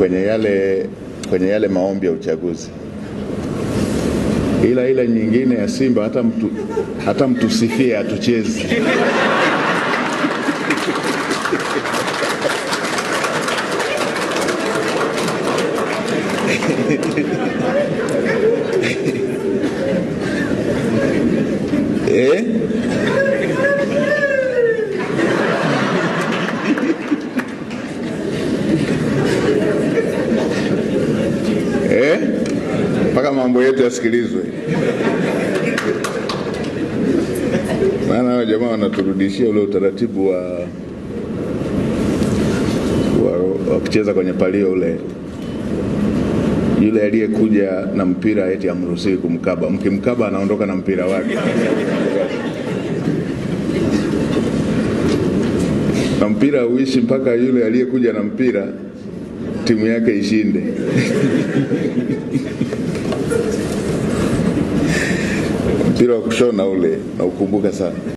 kwenye yale, kwenye yale maombi ya uchaguzi ila ila nyingine ya Simba hata, mtu, hata mtusifie hatuchezi. eh? Eh? mpaka mambo yetu yasikilizwe. Maana hao jamaa wanaturudishia ule utaratibu wa, wa, wa kucheza kwenye palio ule yule aliyekuja na mpira eti amruhusiwi kumkaba, mkimkaba anaondoka na mpira wake na mpira uishi mpaka yule aliyekuja na mpira timu yake ishinde. Mpira wa kushona ule naukumbuka sana.